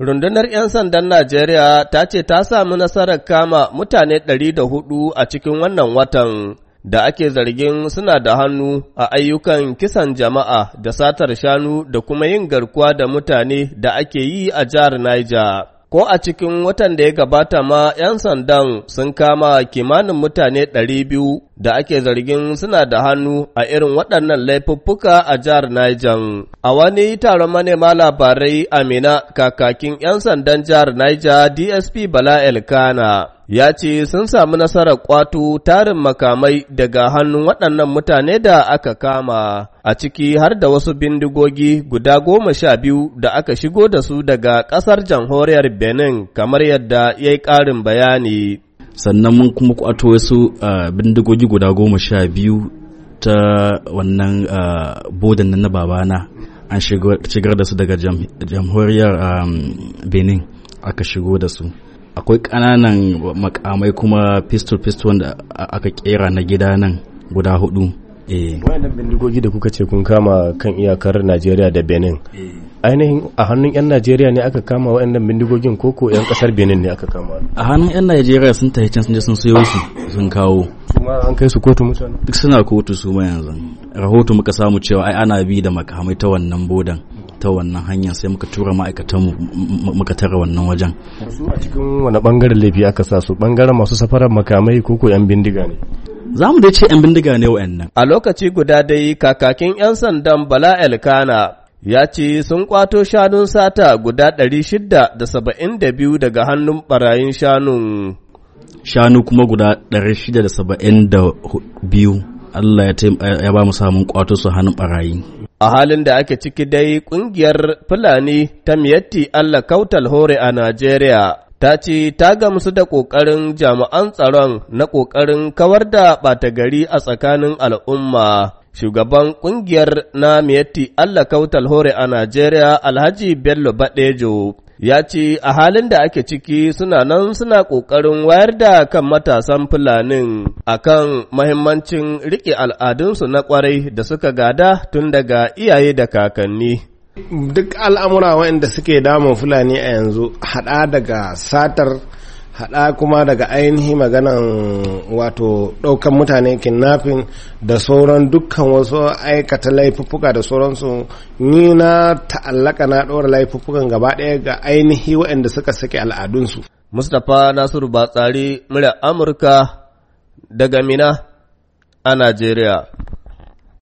Rundunar ‘yan sandan Najeriya ta ce ta sami nasarar kama mutane ɗari da hudu a cikin wannan watan da ake zargin suna da hannu a ayyukan kisan jama'a da satar shanu da kuma yin garkuwa da mutane da ake yi a jihar Niger. Ko a cikin watan da ya gabata ma ‘yan sandan sun kama kimanin mutane ɗari biyu da ake zargin suna da hannu a irin waɗannan laifuffuka a jihar Niger. A wani taron manema labarai Amina kakakin 'yan sandan jihar Niger DSP Bala Elkana. ya ce sun samu nasarar kwato tarin makamai daga hannun waɗannan mutane da aka kama a ciki har da wasu bindigogi guda goma sha biyu da aka shigo da su daga ƙasar jamhuriyar benin kamar yadda ya yi ƙarin bayani sannan mun kuma kwato wasu ah, bindigogi guda goma sha biyu ta wannan ah, bodan na babana an shigar da su daga jamhuriyar benin aka shigo da su akwai ƙananan makamai kuma pistol-pistol wanda aka kera na gida nan guda hudu eh. wadannan bindigogi da kuka ce kun kama kan iyakar najeriya da benin eh. ainihin a hannun 'yan najeriya ne aka kama waɗannan bindigogin koko 'yan kasar benin ne aka kama a hannun 'yan najeriya sun tafi can sun je sun sayo su sun kawo kuma an kai su kotu mutane duk suna kotu su ma yanzu rahoto muka samu cewa ai ana bi da makamai ta wannan bodan ta wannan hanyar sai muka tura ma'aikatan muka tara wannan wajen su a cikin wani bangaren laifi aka sa su bangaren masu safarar makamai koko 'yan bindiga ne za mu dai ce 'yan bindiga ne wa'annan a lokaci guda dai kakakin 'yan sandan bala elkana ya ce sun kwato shanun sata guda 672 daga hannun barayin shanun. Shanu kuma guda 672 Allah ya ba mu samun kwato su hannun barayin A halin da ake ciki dai ƙungiyar Fulani ta miyatti Allah kautal hore a Najeriya ta ce ta gamsu da ƙoƙarin jami'an tsaron na ƙoƙarin kawar da ɓata gari a tsakanin al'umma. shugaban kungiyar na Miyetti Allah Kautal Hore a Najeriya Alhaji Bello Badejo ya ce a halin da ake ciki suna nan suna ƙoƙarin wayar da kan matasan Fulanin a kan mahimmancin riƙe al'adunsu na kwarai da suka gada tun daga iyaye da kakanni. Duk al'amura waɗanda suke damun Fulani a yanzu haɗa daga satar haɗa kuma daga ainihi maganan wato ɗaukan mutane kinnafin da sauran dukkan wasu aikata laifuffuka da sauransu ni na ta'allaka na ɗora laifuffukan gaba ɗaya ga ainihi waɗanda suka sake al'adunsu. Mustapha Nasiru Batsari, murya Amurka daga Mina a Najeriya.